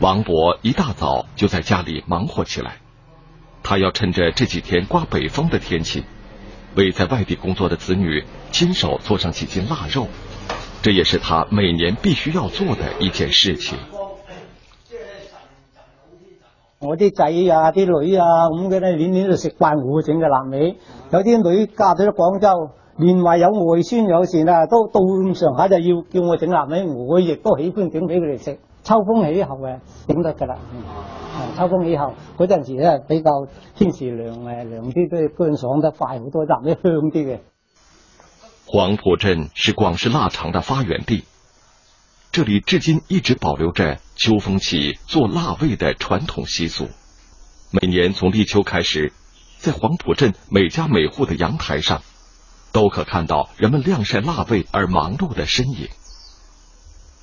王伯一大早就在家裏忙活起來，他要趁着這幾天刮北風的天氣，為在外地工作的子女親手做上幾斤臘肉，這也是他每年必須要做的一件事情。我啲仔啊，啲女啊，咁嘅咧，年年都食慣我整嘅臘味。有啲女嫁咗廣州，年華有外孫有事啊，都到咁上下就要叫我整臘味，我亦都喜歡整俾佢哋食。秋風起後誒，整得㗎啦。誒、嗯，秋風起後嗰陣時咧，比較天時涼誒，涼啲都要乾爽得快好多，攤啲香啲嘅。黃圃鎮是廣式臘腸的發源地，這裡至今一直保留着秋風起做臘味的傳統習俗。每年從立秋開始，在黃圃鎮每家每戶的陽台上，都可看到人們晾曬臘味而忙碌的身影。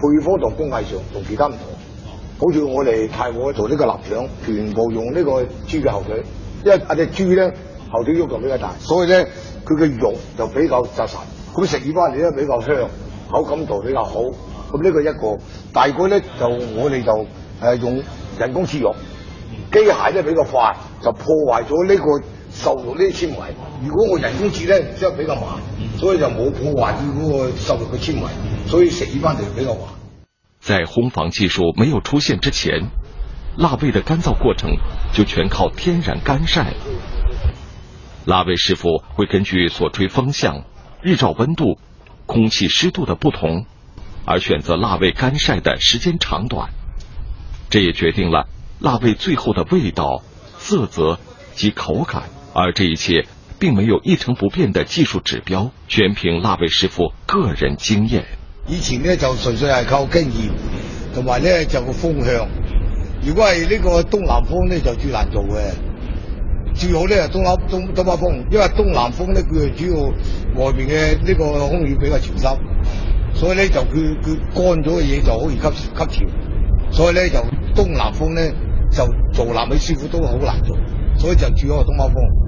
配方同工藝上同其他唔同，好似我哋太和做呢個臘腸，全部用呢個豬嘅後腿，因為阿隻豬咧後腿喐度比較大，所以咧佢嘅肉就比較紮實，實，咁食完翻嚟咧比較香，口感度比較好。咁呢個一個，大概呢，咧就我哋就誒用人工切肉，機械咧比較快，就破壞咗呢個瘦肉呢啲纖維。如果我人工切咧，相比較慢。所以就冇冇話住嗰個受入嘅纖維，所以食起翻嚟比較滑。在烘房技術沒有出現之前，臘味的乾燥過程就全靠天然乾曬。臘味、嗯嗯、師傅會根據所吹風向、日照温度、空氣濕度的不同，而選擇臘味乾曬的時間長短，這也決定了臘味最後的味道、色澤及口感。而這一切。並沒有一成不變的技術指標，全憑臘味師傅個人經驗。以前咧就純粹係靠經驗，同埋咧就個風向。如果係呢個東南風咧就最難做嘅，最好咧係東北東東北風，因為東南風咧佢係主要外面嘅呢個空氣比較潮濕，所以咧就佢佢乾咗嘅嘢就好易吸吸潮，所以咧就東南風咧就做臘味師傅都好難做，所以就最好係東北風。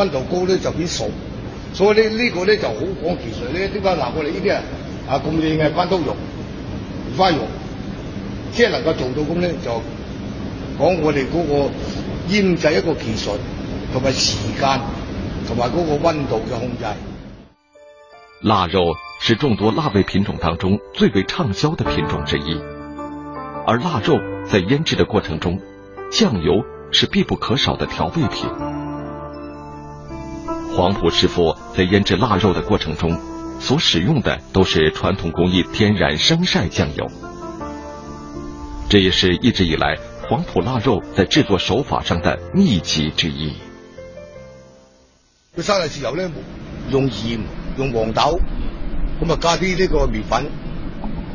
溫度高咧就變熟，所以呢呢個咧就好講技術咧。點解嗱我哋呢啲人啊咁靚嘅關刀肉、番肉，即係能夠做到咁咧，就講我哋嗰個醃製一個技術，同埋時間，同埋嗰個溫度嘅控制。臘肉是眾多臘味品種當中最為暢銷的品種之一，而臘肉在醃製的過程中，醬油是必不可少的調味品。黃圃師傅在醃製臘肉的過程中，所使用的都是傳統工藝天然生曬醬油，這也是一直以來黃圃臘肉在製作手法上的秘籍之一。生曬豉油呢，用鹽、用黃豆，咁啊加啲呢個麵粉，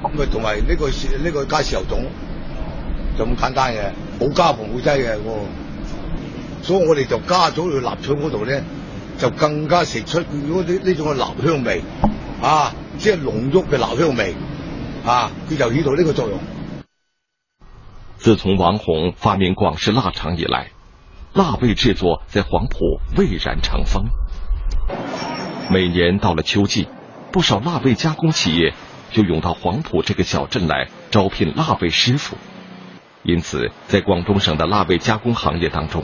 咁啊同埋呢個呢、呢個加豉油種，就咁簡單嘅，冇加防腐劑嘅。所以我哋就加咗去臘腸嗰度咧。就更加食出啲呢種嘅臘香味啊，即係濃郁嘅臘香味啊，佢就起到呢個作用。自從王洪發明廣式臘腸以來，臘味製作在黃圃蔚然成風。每年到了秋季，不少臘味加工企業就湧到黃圃這個小鎮來招聘臘味師傅，因此在廣東省的臘味加工行業當中。